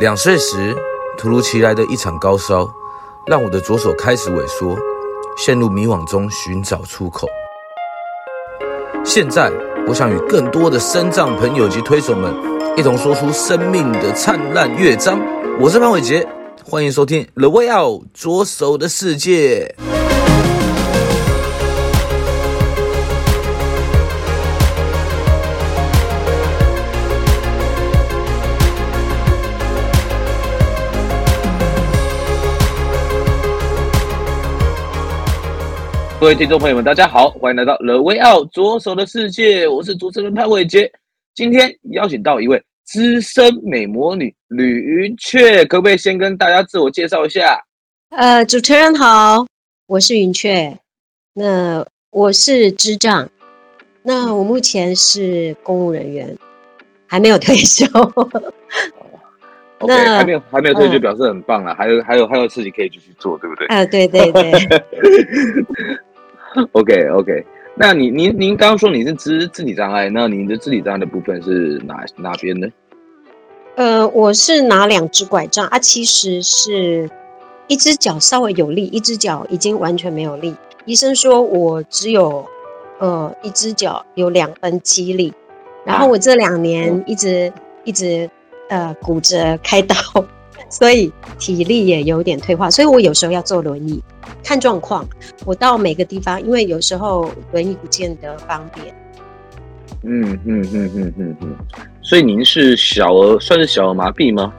兩歲時，突如其來的一場高燒，讓我的左手開始萎縮，陷入迷惘中尋找出口。現在，我想與更多的身障朋友及推手們，一同說出生命的燦爛樂章。我是潘偉杰，歡迎收聽《The Way Out 左手的視界》。各位聽眾朋友們，大家好，歡迎來到《The Way Out 左手的視界》，我是主持人潘偉杰，今天邀請到一位資深美魔女呂雲雀，可不可以先跟大家自我介紹一下？呃，主持人好，我是雲雀，那我是肢障，那我目前是公務人員，還沒有退休。 Okay, 那還沒有還沒有退，就表示很棒了、呃。還有還有還有事情可以繼續做，對不對？啊、呃，對對對。 OK OK，那你您您剛剛說你是肢肢體障礙，那您的肢體障礙的部分是哪哪邊呢？呃，我是拿兩隻拐杖，啊，其實是一隻腳稍微有力，一隻腳已經完全沒有力。醫生說我只有呃一隻腳有兩分肌力，然後我這兩年一直一直。嗯嗯呃，骨折開刀，所以體力也有點退化，所以我有時候要坐輪椅，看狀況。我到每個地方，因為有時候輪椅不見得方便。嗯嗯嗯嗯嗯嗯，所以您是小兒，算是小兒麻痹嗎？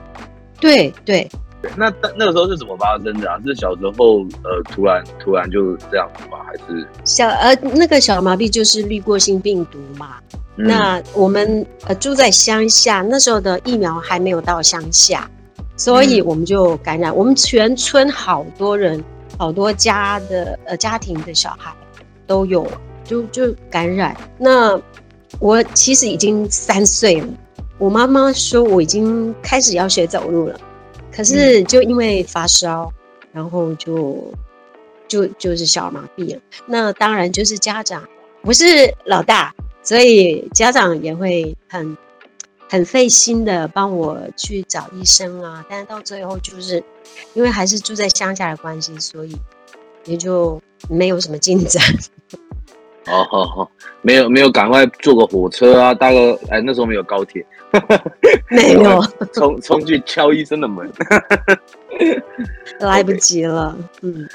對對。對那那，那個時候是怎麼發生的啊？是小時候呃，突然突然就這樣子嗎？還是小呃，那個小兒麻痹就是濾過性病毒嘛？那我們呃住在鄉下，那時候的疫苗還沒有到鄉下，所以我們就感染。嗯、我們全村好多人，好多家的呃家庭的小孩都有，就就感染。那我其實已經三歲了，我媽媽說我已經開始要學走路了，可是就因為發燒，然後就就就是小兒麻痹了。那當然就是家長，我是老大。所以家長也會很很費心的幫我去找醫生啊，但是到最後就是因為還是住在鄉下的關係，所以也就沒有什麼進展。哦，好，好，好，沒有沒有，趕快坐個火車啊，大哥，哎，那時候沒有高鐵，哈哈沒有沒有，衝衝去敲醫生的門， Okay. 來不及了，嗯。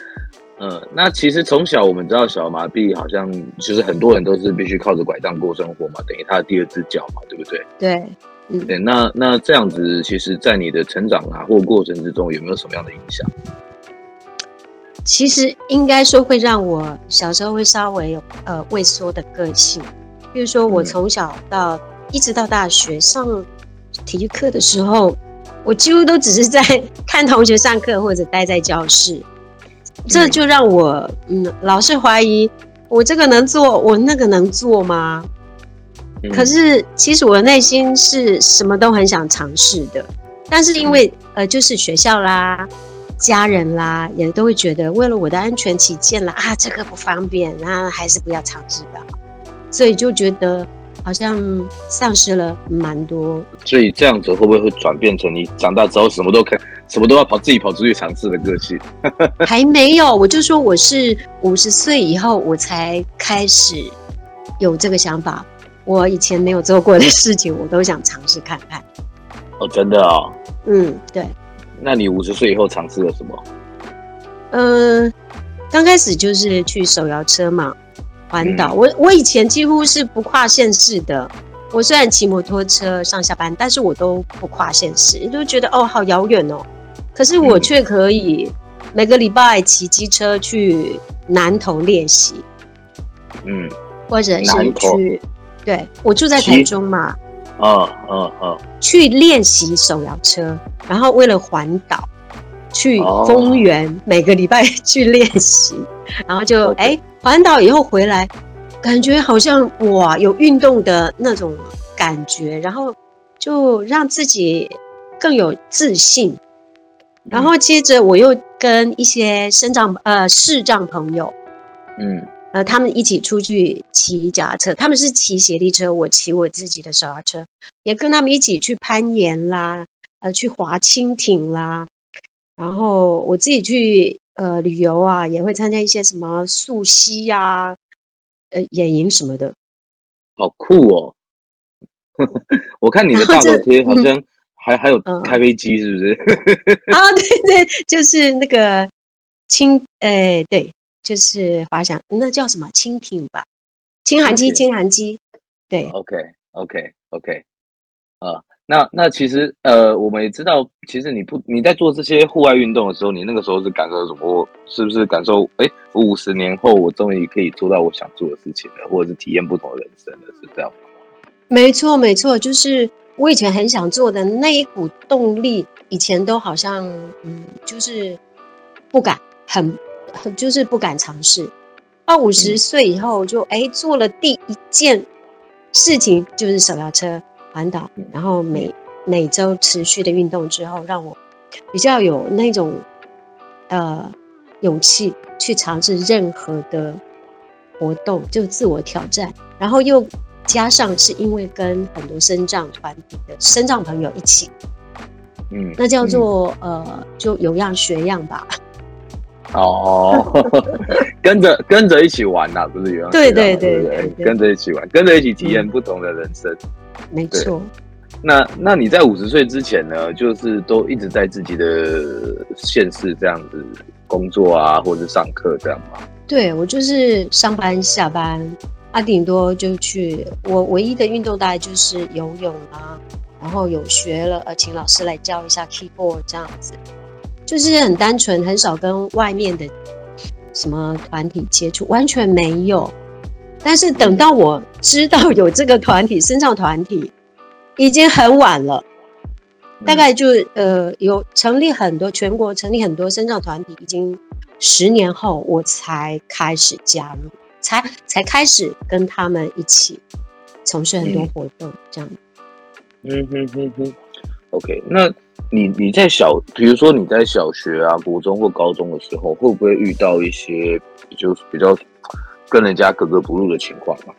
嗯、呃，那其實從小我們知道小麻痹好像就是很多人都是必須靠着拐杖過生活嘛，嗯、等於他的第二隻腳嘛，對不對？對，對、嗯欸。那那這樣子，其實在你的成長啊或過程之中，有沒有什麼樣的影響？其實應該說會讓我小時候會稍微有呃畏縮的個性，比如說我從小到、嗯、一直到大學上體育課的時候，我幾乎都只是在看同學上課或者待在教室。這就讓我嗯老是懷疑，我這個能做，我那個能做嗎？嗯、可是其實我的內心是什麼都很想嘗試的，但是因為、嗯、呃就是學校啦、家人啦，也都會覺得為了我的安全起見啦，啊，這個不方便，那、啊、還是不要嘗試的，所以就覺得。好像喪失了蠻多，所以這樣子會不會會轉變成你長大之後什麼都可以，什麼都要跑自己跑出去嘗試的個性？ 還沒有，我就說我是五十歲以後我才開始有這個想法，我以前沒有做過的事情，我都想嘗試看看。哦，真的哦，嗯，對。那你五十歲以後嘗試了什麼？嗯、呃，剛開始就是去手搖車嘛。環島，環島嗯、我我以前幾乎是不跨縣市的。我雖然騎摩托車上下班，但是我都不跨縣市，都覺得哦，好遙遠哦。可是我卻可以每個禮拜騎機車去南投練習，嗯，或者是去，南投。對我住在台中嘛，哦哦哦，去練習手搖車，然後為了環島去豐原，哦、每個禮拜去練習。然後就哎 Okay. 環島以後回來，感覺好像哇有運動的那種感覺，然後就讓自己更有自信。嗯、然後接着我又跟一些身障呃視障朋友，嗯呃他們一起出去騎腳踏車，他們是騎協力車，我騎我自己的手搖車，也跟他們一起去攀岩啦，呃去划輕艇啦，然後我自己去。呃，旅遊啊，也會參加一些什麼溯溪呀、啊、呃，野營什麼的，好酷哦！ 我看你的大頭貼好像還、嗯呃、還有開飛機，是不是？ 啊，對對，就是那個蜻，哎、呃，對，就是滑翔，那叫什麼？蜻蜓吧？輕航機，Okay. 輕航機，對。OK，OK，OK，啊。那那其實，呃，我們也知道，其實你不，你在做這些戶外運動的時候，你那個時候是感受什麼？是不是感受？哎，五十年後，我終於可以做到我想做的事情了，或者是體驗不同的人生了，是這樣嗎？沒錯，沒錯，就是我以前很想做的那一股動力，以前都好像嗯，就是不敢，很很就是不敢嘗試。到五十歲以後就，就哎，嗯，做了第一件事情就是手搖車。環島，然後每每周持續的運動之後，讓我比較有那種呃勇氣去嘗試任何的活動，就自我挑戰。然後又加上是因為跟很多視障團體的視障朋友一起，嗯，那叫做、嗯、呃就有樣學樣吧。哦， 跟着跟着一起玩啊，不是有樣學樣對對對，跟着一起玩，對對對對跟着一起體驗不同的人生。嗯沒錯，那那你在五十歲之前呢，就是都一直在自己的縣市這樣子工作啊，或者是上課這樣嗎？對，我就是上班下班啊，頂多就去我唯一的運動大概就是游泳啊，然後有學了呃，請老師來教一下 keyboard 這樣子，就是很單純，很少跟外面的什麼團體接觸，完全沒有。但是等到我知道有這個團體，身障團體已經很晚了，嗯、大概就呃有成立很多全國成立很多身障團體，已經十年後我才開始加入，才才開始跟他們一起從事很多活動、嗯、這樣。嗯哼哼哼，OK，那你你在小，比如說你在小學啊、國中或高中的時候，會不會遇到一些就是比較？跟人家格格不入的情況吧。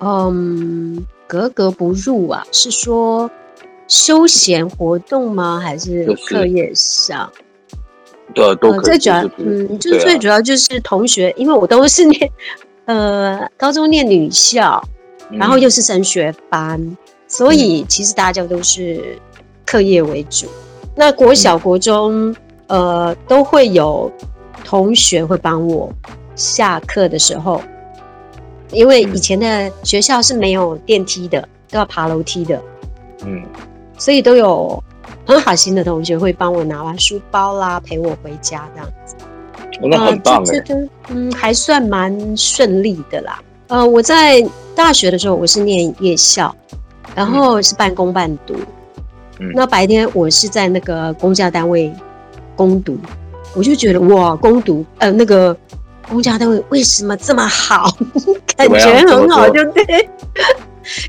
嗯，格格不入啊，是說休閒活動嗎？還是課業上？對，都可以。最、呃、主要，嗯，是嗯就最主要就是同學，啊、因為我都是念呃高中念女校，然後又是升學班，嗯、所以其實大家都是課業為主。嗯、那國小、國中，呃，都會有。同學會幫我下課的時候，因為以前的學校是沒有電梯的，嗯、都要爬樓梯的，嗯，所以都有很好心的同學會幫我拿完書包啦，陪我回家這樣子。那很棒耶。呃，嗯，還算蠻順利的啦。呃，我在大學的時候，我是念夜校，然後是半工半讀，嗯，那白天我是在那個公家單位工讀。我就覺得哇，工讀，呃那個公家單位為什麼這麼好？ 感覺很好，就對。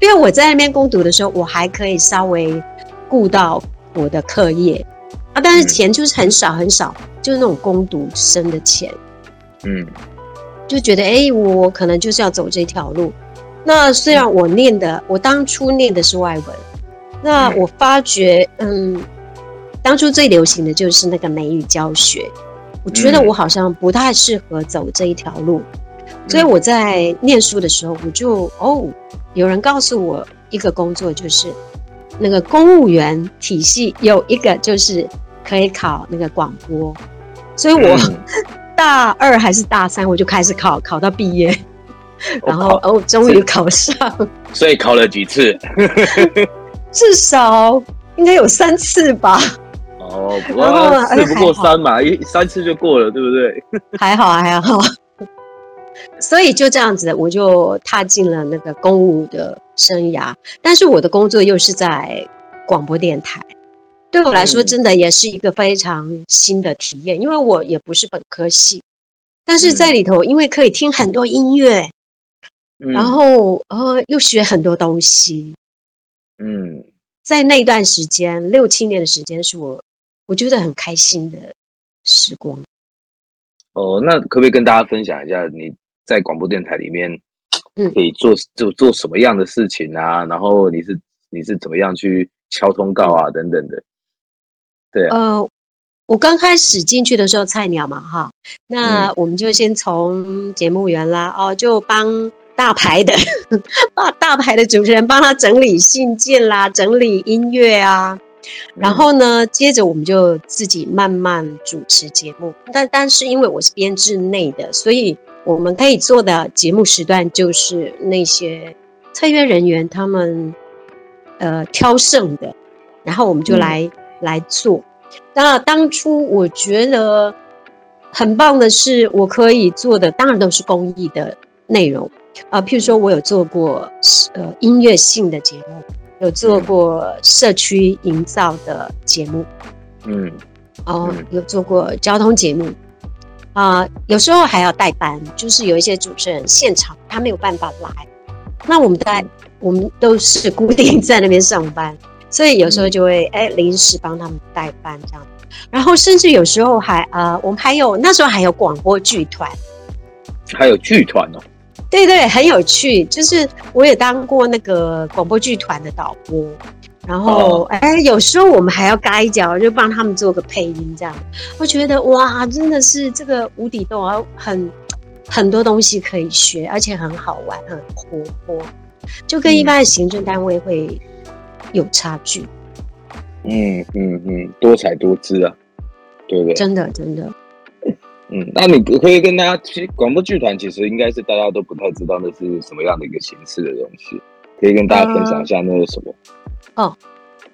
因為我在那邊工讀的時候，我還可以稍微顧到我的課業啊，但是錢就是很少很少，就是那種工讀生的錢。嗯，就覺得哎、欸，我可能就是要走這條路。那雖然我念的，我當初念的是外文，那我發覺嗯。當初最流行的就是那個美語教學，我覺得我好像不太適合走這一條路，嗯、所以我在念書的時候，我就、嗯、哦，有人告訴我一個工作，就是那個公務員體系有一個就是可以考那個廣播，所以我大二還是大三我就開始考，考到畢業，然後考哦終於考上，所以考了幾次， 至少應該有三次吧。哦，後四不過三嘛，好一三次就過了，對不對？還好還好。所以就這樣子，我就踏進了那個公務的生涯。但是我的工作又是在廣播電台，對我來說，真的也是一個非常新的體驗，嗯、因為我也不是本科系，但是在裡頭，因為可以聽很多音樂，嗯、然後呃，又學很多東西。嗯，在那段時間，六七年的時間是我。我覺得很開心的時光哦。那可不可以跟大家分享一下你在廣播電台裡面，嗯，可以做就、嗯、做、做、做什麼樣的事情啊？然後你是你是怎麼樣去敲通告啊等等的，對啊。呃，我剛開始進去的時候菜鳥嘛哈，那我們就先從節目員啦哦，就幫大牌的幫大牌的主持人幫他整理信件啦，整理音樂啊。然後呢，接着我們就自己慢慢主持節目，但但是因為我是編制內的，所以我們可以做的節目時段就是那些，特約人員他們，呃挑剩的，然後我們就來、嗯、來做。那當初我覺得很棒的是，我可以做的當然都是公益的內容，啊、呃，譬如說我有做過呃音樂性的節目。有做過社區營造的節目。嗯，嗯，哦，有做過交通節目，啊、呃，有時候還要代班，就是有一些主持人現場他沒有辦法來，那我們在、嗯、我們都是固定在那邊上班，所以有時候就會哎、嗯、欸、臨時幫他們代班這樣，然後甚至有時候還啊、呃，我們還有那時候還有廣播劇團，還有劇團哦。對對，很有趣。就是我也當過那個廣播劇團的導播，然後、哦、哎，有時候我們還要嘎一腳，就幫他們做個配音這樣。我覺得哇，真的是這個無底洞啊，很很多東西可以學，而且很好玩，很活潑，就跟一般的行政單位會有差距。嗯嗯嗯，多采多姿啊，對不對？真的，真的。嗯，那你可以跟大家，其實廣播劇團其實應該是大家都不太知道那是什麼樣的一個形式的東西，可以跟大家分享一下那是什麼。嗯、哦，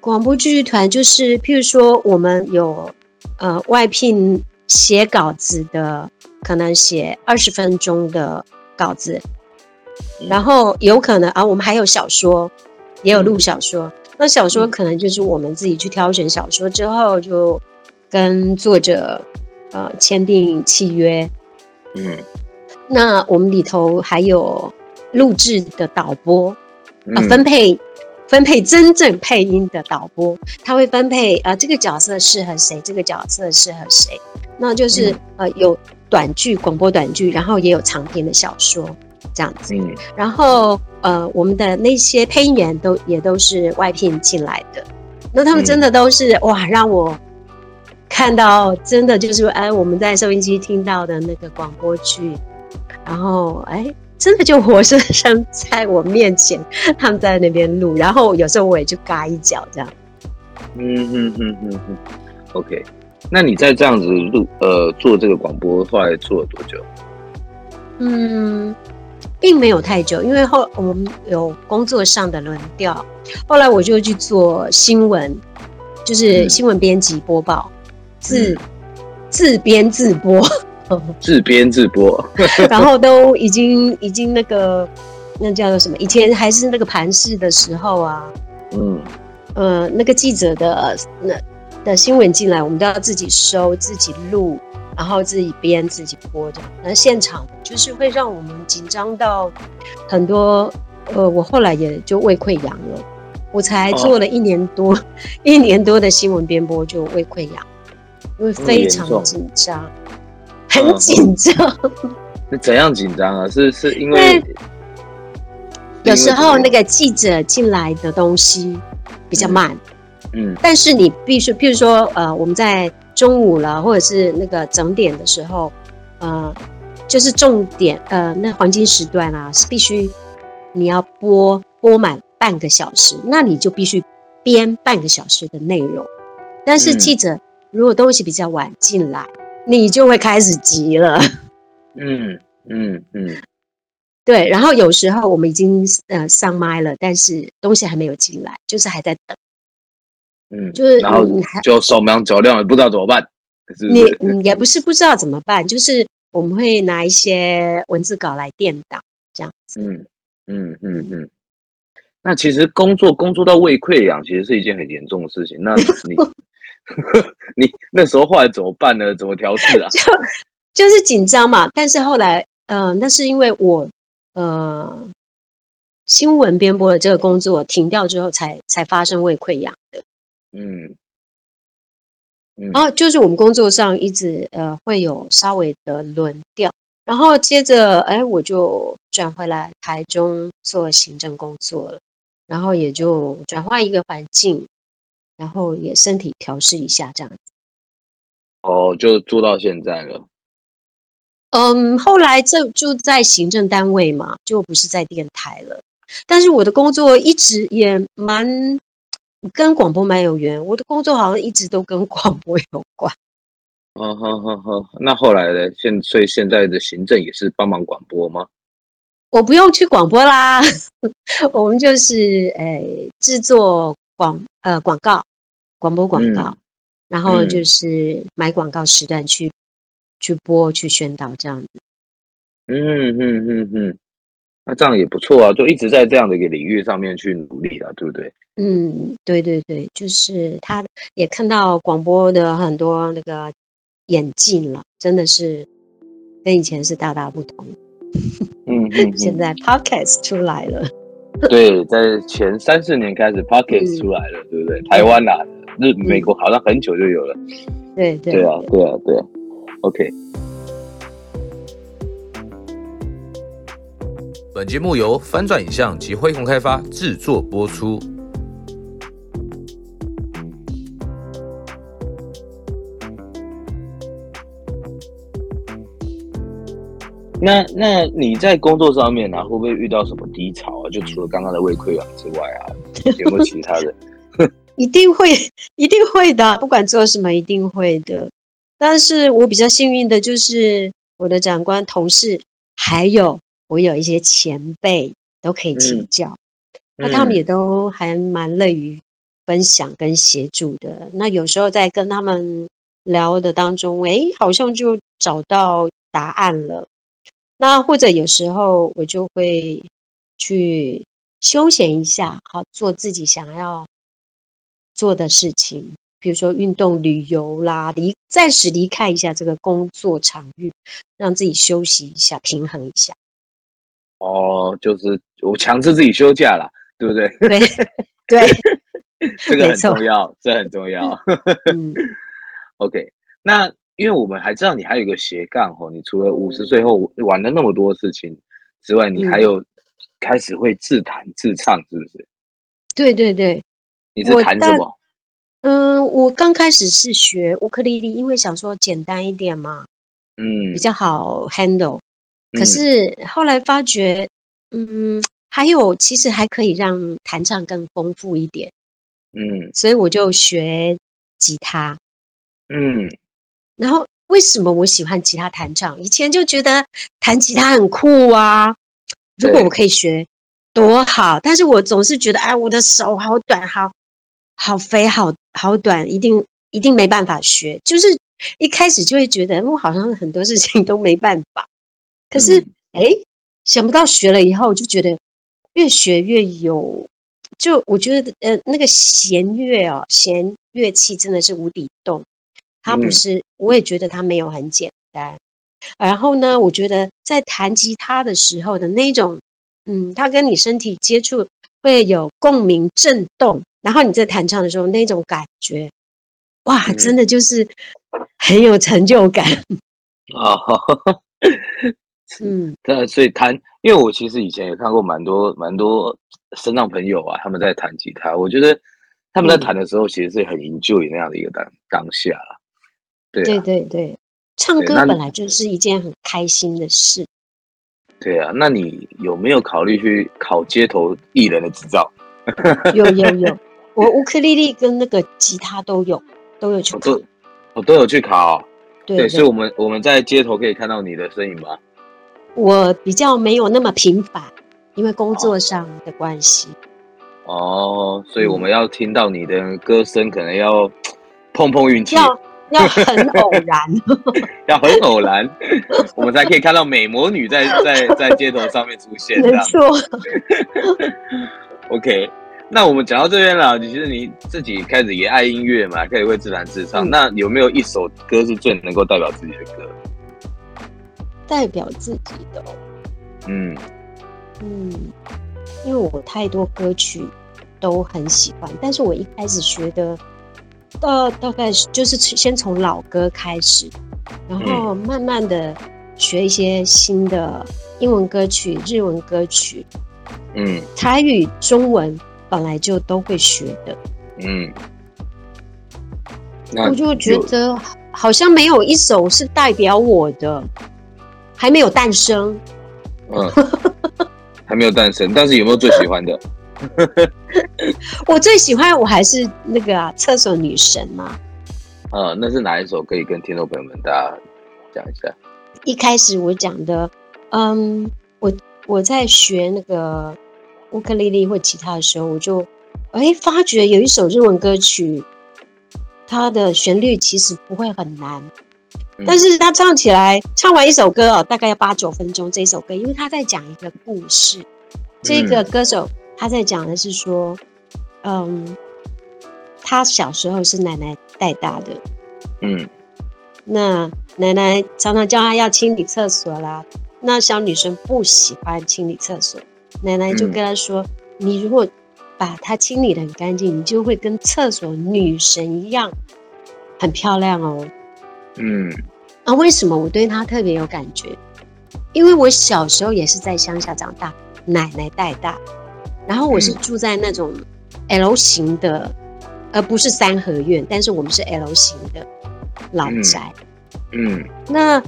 廣播劇團就是譬如說我們有，呃，外聘寫稿子的，可能寫二十分鐘的稿子，然後有可能啊，我們還有小說，也有錄小說。嗯、那小說可能就是我們自己去挑選小說之後，就跟作者。呃，簽訂契約，嗯，那我們裡頭還有錄製的導播，啊、嗯呃，分配分配真正配音的導播，他會分配啊、呃，這個角色適合誰，這個角色適合誰，那就是、嗯、呃，有短劇廣播短劇，然後也有長篇的小說這樣子，嗯、然後呃，我們的那些配音員都也都是外聘進來的，那他們真的都是、嗯、哇，讓我。看到真的就是說，哎，我們在收音機聽到的那個廣播劇，然後哎，真的就活生生在我面前，他們在那邊錄，然後有時候我也就嘎一腳這樣。嗯嗯嗯嗯嗯，OK，那你在這樣子錄呃做這個廣播後來做了多久？嗯，並沒有太久，因為後來我們有工作上的輪調，後來我就去做新聞，就是新聞編輯播報。嗯自自編自播 ，自編自播， 然後都已經已經那個那叫做什麼？以前還是那個盤式的時候啊，嗯呃，那個記者的那、呃、的新聞進來，我們都要自己收、自己錄，然後自己編、自己播這樣。然後現場就是會讓我們緊張到很多，呃，我後來也就胃潰瘍了。我才做了一年多，哦、 一年多的新聞編播就胃潰瘍。會非常緊張，嗯、很緊張。是、呃、 怎樣緊張啊？是是因為有時候那個記者進來的東西比較慢，嗯，嗯，但是你必須，譬如說呃，我們在中午了，或者是那個整點的時候，呃，就是重點呃，那黃金時段啊，是必須你要播播滿半個小時，那你就必須編半個小時的內容，但是記者，嗯如果東西比較晚進來，你就會開始急了。嗯嗯 嗯，嗯嗯對。然後有時候我們已經呃上麥了，但是東西還沒有進來，就是還在等。嗯，就是、嗯、然後就手忙腳亂，不知道怎麼辦，是是你。你也不是不知道怎麼辦，就是我們會拿一些文字稿來墊檔，這樣子。嗯嗯嗯嗯，那其實工作工作到胃潰瘍，其實是一件很嚴重的事情。那你。 你那時候後來怎麼辦呢？怎麼調試啊？就就是緊張嘛。但是後來，嗯、呃，那是因為我，呃，新聞編播的這個工作停掉之後才，才才發生胃潰瘍的嗯。嗯，然後就是我們工作上一直呃會有稍微的輪調，然後接着哎、欸、我就轉回來台中做行政工作了，然後也就轉換一個環境。然後也身體調試一下，這樣子。哦，oh, 就做到現在了。嗯，um, 後來就住在行政單位嘛，就不是在電台了。但是我的工作一直也蠻跟廣播蠻有緣，我的工作好像一直都跟廣播有關。哦，好好好，那後來呢？現，所以現在的行政也是幫忙廣播嗎？我不用去廣播啦， 我們就是呃、哎、製作廣呃廣告。廣播廣告，嗯、然後就是買廣告時段去、嗯、去播、去宣導這樣，嗯嗯嗯嗯，那、嗯嗯嗯啊、這樣也不錯啊，就一直在這樣的一個領域上面去努力啊，對不對？嗯，對對對，就是他也看到廣播的很多那個演進了，真的是跟以前是大大不同。嗯 現在 podcast 出來了、嗯嗯。對，在前三四年開始 podcast 出來了，對不、嗯、對？台灣啊。那美國好像很久就有了，嗯、對對對啊對啊對啊，OK。本節目由翻轉影像及輝洪開發製作播出。那那你在工作上面呢、啊，會不會遇到什麼低潮啊？就除了剛剛的胃潰瘍之外啊，有沒有其他的？ 一定會，一定會的。不管做什麼，一定會的。但是我比較幸運的就是，我的長官、同事，還有我有一些前輩都可以請教，嗯、那他們也都還蠻樂於分享跟協助的。嗯、那有時候在跟他們聊的當中，哎，好像就找到答案了。那或者有時候我就會去休閒一下，好，做自己想要。做的事情，比如說運動、旅遊啦，離，暫時離開一下這個工作場域，讓自己休息一下，平衡一下。哦，就是我強制自己休假啦，對不對？對對，這個很重要，沒錯。這很重要。 嗯、OK，那因為我們還知道你還有一個斜槓哦，嗯、你除了五十歲後玩了那麼多事情之外，嗯、你還有開始會自彈自唱，是不是？對對對。你在彈什麼我？嗯，我剛開始是學烏克麗麗，因為想說簡單一點嘛，嗯，比較好 handle，嗯。可是後來發覺，嗯，還有其實還可以讓彈唱更豐富一點，嗯，所以我就學吉他，嗯。然後為什麼我喜歡吉他彈唱？以前就覺得彈吉他很酷啊，對如果我可以學多好，但是我總是覺得，哎，我的手好短，好。好肥好，好好短，一定一定沒辦法學，就是一開始就會覺得我好像很多事情都沒辦法。可是哎、嗯，想不到學了以後，就覺得越學越有。就我覺得呃，那個弦樂哦，弦樂器真的是無底洞，它不是，嗯、我也覺得它沒有很簡單。然後呢，我覺得在彈吉他的時候的那一種，嗯，它跟你身體接觸會有共鳴震動。然後你在彈唱的時候，那種感覺，哇，真的就是很有成就感。嗯、哦，呵呵嗯，所以彈，因為我其實以前也看過蠻多蠻多身障朋友啊，他們在彈吉他，我覺得他們在彈的時候，其實是很 enjoy 那樣的一個當當下。嗯、對、啊、對對對，唱歌本來就是一件很開心的事。對啊，那你有沒有考慮去考街頭藝人的執照？有有有。我烏克麗麗跟那個吉他，都有，都有去考，我、哦都，哦、都有去考，哦。對，對對，所以我們我們在街頭可以看到你的身影吧？我比較沒有那麼頻繁，因為工作上的關係。哦，哦，所以我們要聽到你的歌聲，嗯、可能要碰碰運氣，要要很偶然，要很偶然，我們才可以看到美魔女在在在街頭上面出現。沒錯錯。 OK。那我們講到這邊了，其實你自己開始也愛音樂嘛，可以會自彈自唱。那有沒有一首歌是最能夠代表自己的歌？代表自己的，哦，嗯嗯，因為我太多歌曲都很喜歡，但是我一開始學的，呃，大概就是先從老歌開始，然後慢慢的學一些新的英文歌曲、日文歌曲，嗯，台語、中文。本來就都會學的，嗯，我就覺得好像沒有一首是代表我的，還沒有誕生，嗯，還沒有誕生。 但是有沒有最喜歡的？ 我最喜歡，我還是那個啊、廁所女神嘛？呃，那是哪一首？可以跟聽眾朋友們大家講一下。一開始我講的，嗯，我我在學那個。烏克麗麗或其他的時候，我就哎、欸、發覺有一首日文歌曲，它的旋律其實不會很難，嗯、但是她唱起來，唱完一首歌哦，大概要八九分鐘。這一首歌，因為他在講一個故事，嗯、這個歌手他在講的是說，嗯，他小時候是奶奶帶大的，嗯，那奶奶常常叫他要清理廁所啦，那小女生不喜歡清理廁所。奶奶就跟他說：“嗯、你如果把它清理得很乾淨，你就會跟廁所女神一樣，很漂亮哦。”嗯。啊，為什麼我對她特別有感覺？因為我小時候也是在鄉下長大，奶奶帶大，然後我是住在那種 L 型的，嗯、而不是三合院，但是我們是 L 型的老宅。嗯。嗯，那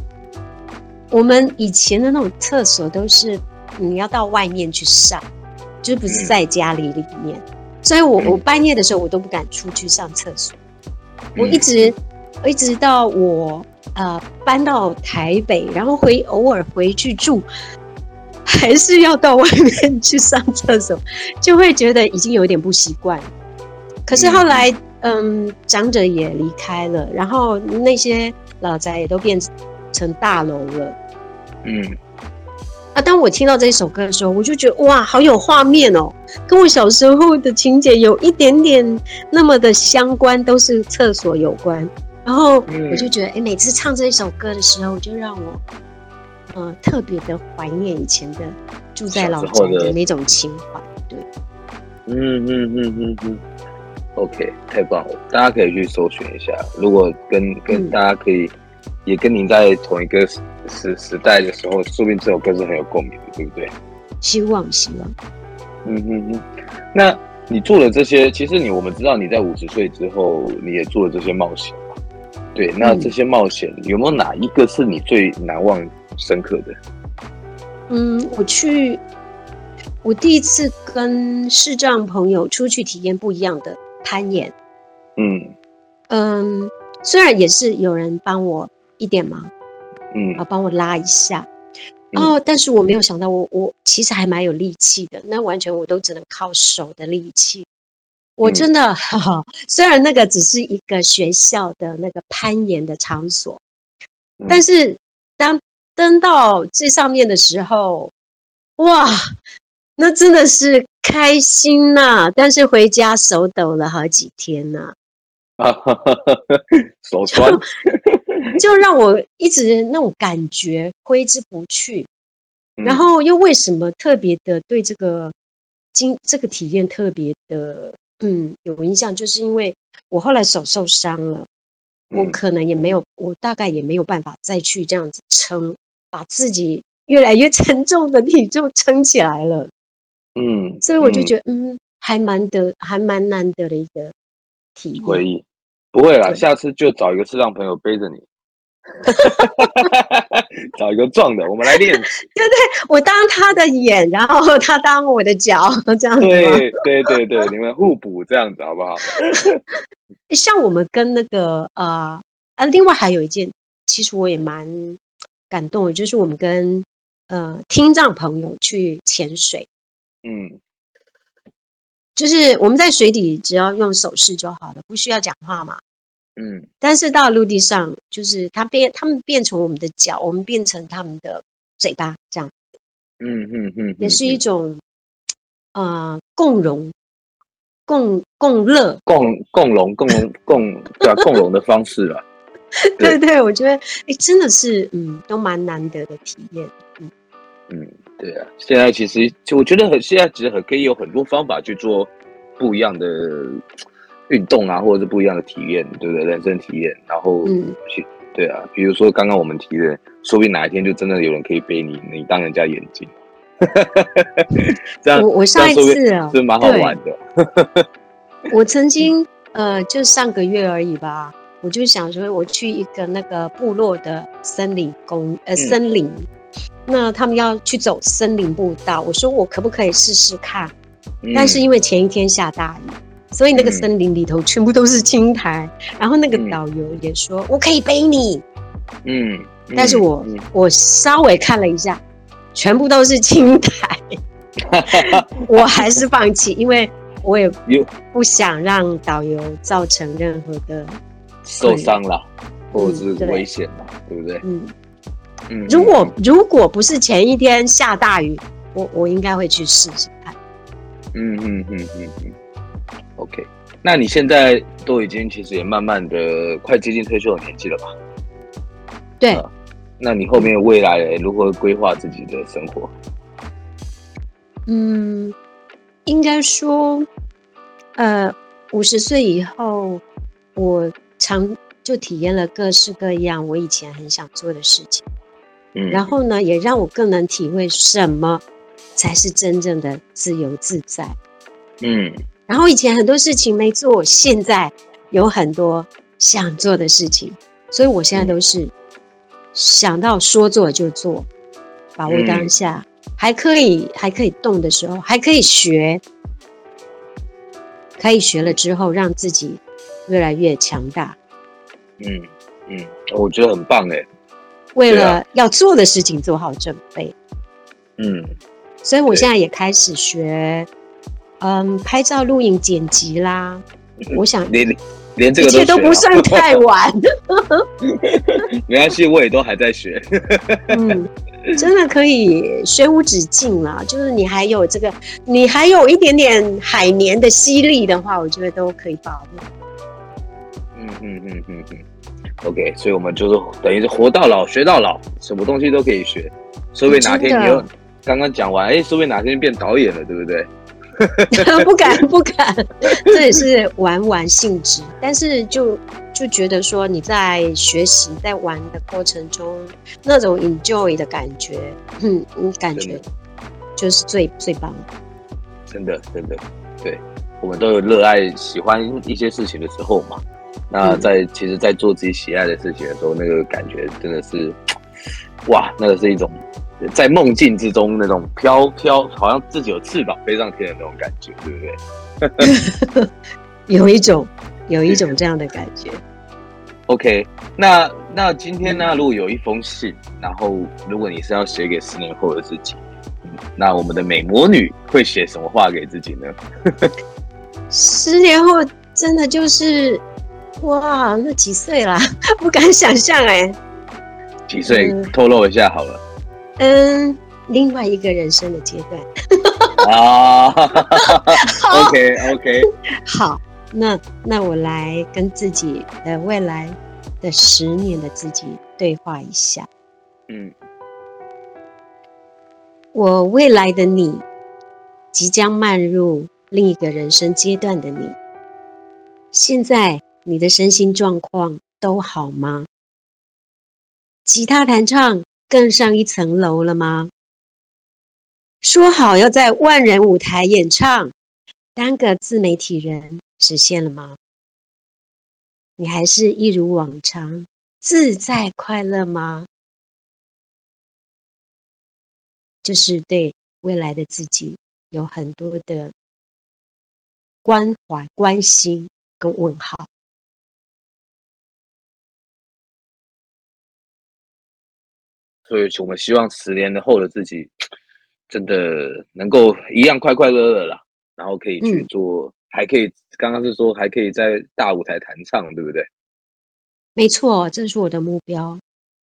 我們以前的那種廁所都是。你要到外面去上，就是不是在家裡裡面。嗯、所以我、嗯、我半夜的時候我都不敢出去上廁所、嗯，我，我一直一直到我呃搬到台北，然後回偶爾回去住，還是要到外面去上廁所，就會覺得已經有點不習慣了。可是後來嗯，嗯，長者也離開了，然後那些老宅也都變成大樓了，嗯。啊！當我聽到這首歌的時候，我就覺得哇，好有畫面哦，跟我小時候的情節有一點點那麼的相關，都是廁所有關。然後我就覺得，哎、嗯，每次唱這一首歌的時候，就讓我、呃，特別的懷念以前的住在老城的那種情懷。對，嗯嗯嗯嗯嗯，OK，太棒了！大家可以去搜尋一下，如果跟跟大家可以、嗯、也跟您在同一個。時時代的時候，說不定這首歌是很有共鳴的，對不對？希望，希望。嗯嗯嗯，那你做了這些，其實你我們知道你在五十歲之後，你也做了這些冒險。對，那這些冒險、嗯、有沒有哪一個是你最難忘、深刻的？嗯，我去，我第一次跟視障朋友出去體驗不一樣的攀岩。嗯。嗯，雖然也是有人幫我一點忙。嗯，啊，幫我拉一下、嗯、哦！但是我沒有想到我，我我其實還蠻有力氣的。那完全我都只能靠手的力氣。我真的，哈哈、嗯哦，雖然那個只是一個學校的那個攀岩的場所，嗯、但是當登到最上面的時候，哇，那真的是開心吶、啊！但是回家手抖了好幾天呢、啊。啊哈哈哈哈手酸。穿 就。 就讓我一直那種感覺揮之不去，嗯、然後又為什麼特別的對這個經這個體驗特別的嗯有印象，就是因為我後來手受傷了，我可能也沒有，嗯、我大概也沒有辦法再去這樣子撐，把自己越來越沉重的體重撐起來了，嗯，所以我就覺得嗯，嗯還蠻得還蠻難得的一個體驗。不會了啦，對下次就找一個視障朋友背着你， 找一個壯的，我們來練。對對，我當他的眼，然後他當我的腳，這樣子。對對對對，你們互補這樣子好不好？像我們跟那個呃，啊，另外還有一件，其實我也蠻感動的，就是我們跟呃聽障朋友去潛水。嗯。就是我們在水底只要用手勢就好了，不需要講話嘛。嗯，但是到了陸地上，就是它變，它們變成我們的腳，我們變成它們的嘴巴，這樣。嗯嗯嗯，也是一種，啊、呃，共融、共共樂、共共融、共融共，共 對吧、啊？共融的方式啦。 對對，對，我覺得哎、欸，真的是嗯，都蠻難得的體驗。嗯嗯。對啊，現在其實就我覺得很，現在其實很可以有很多方法去做不一樣的運動啊，或者是不一樣的體驗，對不對？人生體驗，然後、嗯、去對啊，比如說剛剛我們提的說不定哪一天就真的有人可以背你，你當人家眼睛， 這樣我我上一次是蠻好玩的。 我曾經呃，就上個月而已吧，我就想說，我去一個那個部落的森林公，呃，森林。那他們要去走森林步道，我說我可不可以試試看？嗯、但是因為前一天下大雨，所以那個森林裡頭全部都是青苔。嗯、然後那個導遊也說、嗯、我可以背你，嗯，嗯但是我、嗯、我稍微看了一下，全部都是青苔， 我還是放棄，因為我也不想讓導遊造成任何的受傷了，或者是危險了、嗯、對不對？嗯。如果、嗯嗯、如果不是前一天下大雨，我我應該會去試試看。嗯嗯嗯嗯嗯，OK。那你現在都已經其實也慢慢的快接近退休的年紀了吧？對、啊。那你後面未來、嗯、如何規劃自己的生活？嗯，應該說，呃，五十歲以後，我常就體驗了各式各樣我以前很想做的事情。嗯、然後呢，也讓我更能體會什麼才是真正的自由自在。嗯，然後以前很多事情沒做，現在有很多想做的事情，所以我現在都是想到說做就做，嗯、把握當下，嗯、還可以還可以動的時候，還可以學，可以學了之後，讓自己越來越強大。嗯嗯，我覺得很棒，哎、欸。為了要做的事情做好準備，啊、嗯，所以我現在也開始學，嗯，拍照、錄影、剪輯啦。我想連連這個一切都不算太晚， 沒關係，我也都還在學。 嗯，真的可以學無止境了，就是你還有這個，你還有一點點海綿的吸力的話，我覺得都可以把握、嗯。嗯嗯嗯嗯嗯。嗯 OK，所以，我們就是等於是活到老學到老，什麼東西都可以學。說不定哪天的你又剛剛講完，哎、欸，說不定哪天變導演了，對不對？不敢 不敢，不敢 這也是玩玩性質。但是就就覺得說你在學習、在玩的過程中，那種 enjoy 的感覺，嗯，你感覺就是最的最棒的。真的真的，對我們都有熱愛、喜歡一些事情的時候嘛。那在、嗯、其實，在做自己喜愛的事情的時候，那個感覺真的是，哇，那個是一種在夢境之中那種飄飄，好像自己有翅膀飛上天的那種感覺，對不對？ 有一種，有一種這樣的感覺。OK，那那今天呢、啊？如果有一封信，嗯、然後如果你是要寫給十年後的自己，那我們的美魔女會寫什麼話給自己呢？ 十年後，真的就是。哇，那幾歲啦？不敢想象哎、欸。幾歲歲？嗯、透露一下好了。嗯，另外一個人生的階段。 啊好，OK OK。好，那那我來跟自己的未來的十年的自己對話一下。嗯，我未來的你，即將邁入另一個人生階段的你，現在。你的身心狀況都好嗎？吉他彈唱更上一層樓了嗎？說好要在萬人舞台演唱，當個自媒體人實現了嗎？你還是一如往常自在快樂嗎？就是對未來的自己有很多的關懷、關心跟問號。所以我們希望十年後的自己，真的能夠一樣快快樂樂了啦，然後可以去做，嗯、還可以剛剛是說還可以在大舞台彈唱，對不對？沒錯，這是我的目標。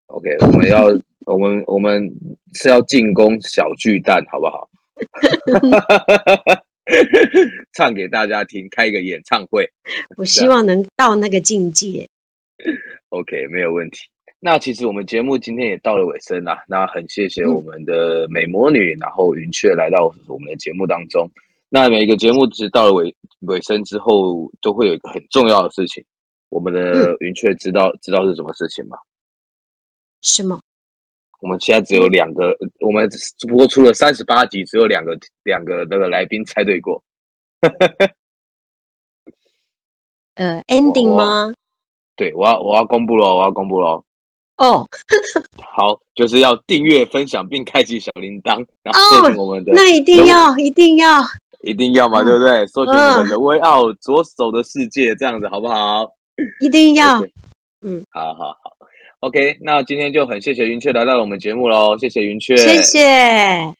OK，我們要，我們我們是要進攻小巨蛋，好不好？ 唱給大家聽，開一個演唱會。我希望能到那個境界。OK，沒有問題。那其實我們節目今天也到了尾聲啦。那很謝謝我們的美魔女，嗯、然後雲雀來到我們的節目當中。那每一個節目只到了尾尾聲之後，都會有一個很重要的事情。我們的雲雀知道、嗯、知道是什麼事情嗎？什麼嗎？我們現在只有兩個，我們播出了三十八集，只有兩個兩個那個來賓猜對過。 呃，ending 嗎？對，我要我要公布囉，我要公布囉。哦，oh, 好，就是要訂閱、分享並開啟小鈴鐺，然後我們的、oh, 我們那一定要、一定要、一定要嘛，嗯、對不對？收聽我們的 out,、啊《Way Out 左手的視界》這樣子，好不好、嗯？一定要，謝謝嗯，好好好，OK。那今天就很謝謝雲雀來到我們節目嘍，謝謝雲雀，謝謝。